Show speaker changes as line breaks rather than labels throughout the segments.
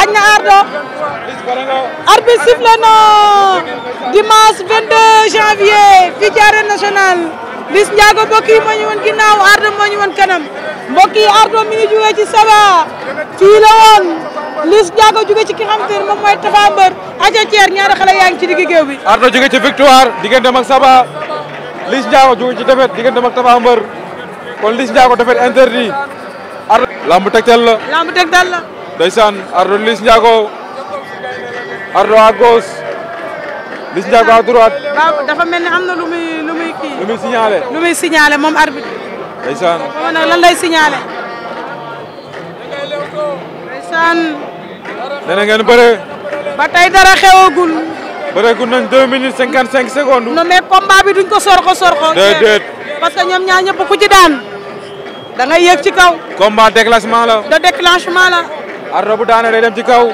gañ na Ardo arbitre sifflé na dimanche 22 janvier fii ci arène nationale Liss Ndiago mbokk yi moo ñu woon ginnaaw Ardo moo ñu woon kanam mbokk yi Ardo mi ngi jógee ci Saba fii la woon Liss Ndiago
jógee ci ki xam te ne moom mooy Tapha Mbeur aca Thier ñaari xale yaa ngi ci digg géew bi Ardo jógee ci victoire digganteem ak Saba Liss Ndiago jógee ci défaite digganteem ak Tapha kon Liss Ndiago défaite interdit lamb tegtal lamb tegtal ndeysaan Ardo Liss Ndiago Ardo à gauche Liss Ndiago à droite.
dafa mel ni am na lu muy lu muy kii. lu muy signalé lu muy moom arbitre. ndeysaan xaw nag lan lay signalé. ndeysaan.
nee na ngeen bëre. ba tey dara xewagul. bëreegul nañ 2 minutes 55
bi duñ ko sorko sorko. déedéet parce que ñoom ñaar ñëpp ku ci daan.
da ngay ci kaw. combat déclenchement la. de déclenchement la. arabu daana day dem ci kaw.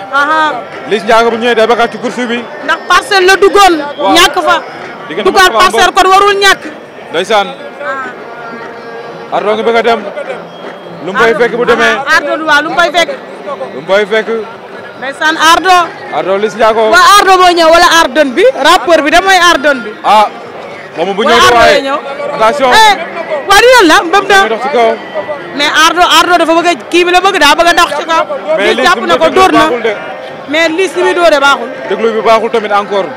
Liss Ndiago bu ñëwee day bakaat ci kursu bi.
ndax parcel la duggal ñak fa.
duggal parcel kon warul ñak ndaysan Ardo nga bëgg dem. lu mu fekk bu démé
Ardo wa lu mu fekk. lu mu fekk. ndaysan Ardo.
Ardo Liss Ndiago. wa Ardo mo
ñëw wala Ardon bi rapport bi damay Ardon bi.
ah momu bu ñëw de waaye attention.
waaw di lan la mbëb na mais Ardo Ardo dafa bëgg a kii bi bëgg daa bëgg a dox ci kaw. mais Liss na ko dóor na
mais Liss li muy dóoree baaxul. déglu bi baaxul tamit encore.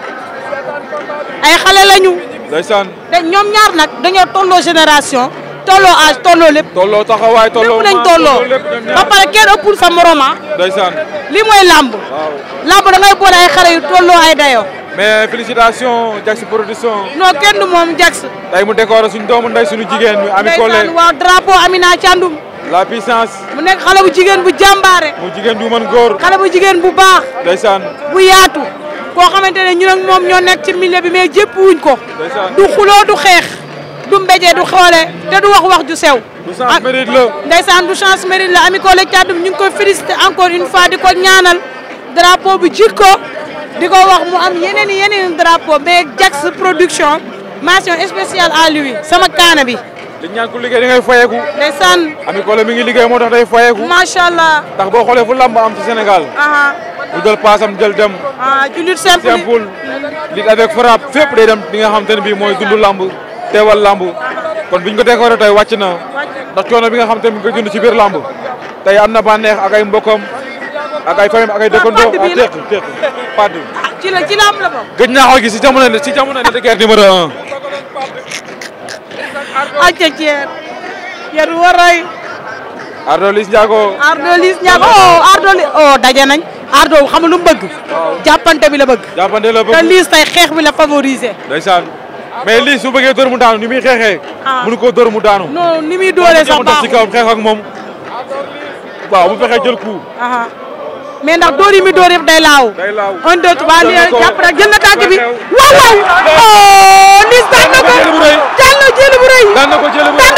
ay xale lañu. ndeysaan
te ñoom ñaar nag dañoo tolloo génération. tolloo âge tolloo lépp.
tolloo taxawaay tolloo lépp tolloo ba
pare kenn ëppul sa moroma. ndeysaan li mooy làmb. làmb da boole ay xale yu ay dayoo.
mais félicitations Jax production. non kenn du moom Jax. tey mu décoré suñu doomu ndey suñu jigéen ñi. Ami Collé waaw drapeau Amina Thiandoum. la puissance. mu nekk xale bu jigéen bu jàmbaare. mu jigéen bu mën góor. xale bu jigéen bu
baax. ndeysaan bu yaatu. koo xamante ne ñun ak moom ñoo nekk ci milieu bi mais jépp wuñ ko. du xuloo du xeex. du mbéjee du xoole te du wax wax ju sew. du chance ah, mérite la ndeysaan du chance mérite la Ami Collé Thiandoum ñu félicité encore une fois di ko ñaanal drapeau bi di ko wax mu am yeneen yeneen drapeau mais Jax production mention spéciale à lui sama kaana bi.
liñ ñaan ku liggéey da ngay fayeeku. ndeysaan. Ami Collé mi ngi liggéey moo tax day fayeeku. macha allah. ndax boo xoolee fu lamb am ci Sénégal. mu jël paasam jël dem. ci ah, lutte simple simple. lutte avec frappe fépp day dem bi nga xamante ne bii mooy dundu lamb teewal lamb kon biñ ko décoré tey wàcc na ndax coono bi nga xam ne bi nga jund ci biir lamb tey am na bànneex ak ay mbokkam. ak ay fayam ak ay dëkkandoo ak teq teq pàdd
ci la ci la am la bokk.
gëj naa xaw gi si jamono si jamono de guerre numéro un.
acca ceer yéen waray.
Ardo Liss Ndiago. Ardo Liss Ndiago oh Ardo Liss oh daje nañ. Ardo xam lu bëgg. jàppante bi la bëgg. jàppante la bëgg te Liss tey xeex bi la favoriser. ndeysaan mais Liss su bëggee dóor mu daanu ni muy xeexee. Ah. ko dóor mu daanu. non ni muy dóoree sax baaxul xeex ak moom. waaw bu fexee jël mais ndax dóor yi muy dóor day laaw. day laaw un deux trois jël na tànk bi waaw waaw.
Liss daan na ko jël bu oh, daan na ko jël bu rëy daan daan na ko daan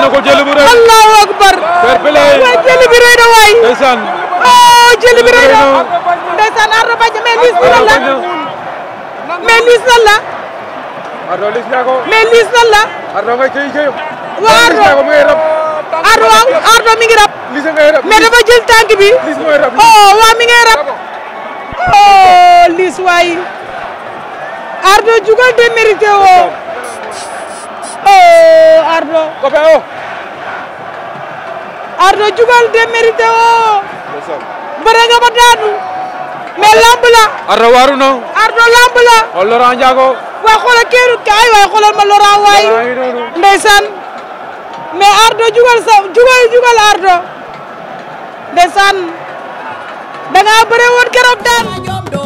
na ko jël allahu akbar. waay jël bi rëy na waay. Oh, jël bi rëy na. ndeysaan na la.
Ardo lis na la Ardo nga cey cey waaw Ardo lis rab Ardo waaw Ardo jël tànk bi lis mooy rab oh, rab oh
lis waay Ardo jugal démérité woo oh Ardo copain o Ardo woo bëre nga ba daanu mais lamb Ardo waaru na Ardo lamb la xool oh, Laurent waaw xoolal keerut kaay waaye xoolal ma Laurent waay ndeysaan mais Ardo jugal sa jugal jugal Ardo ndeysaan da ngaa bëre woon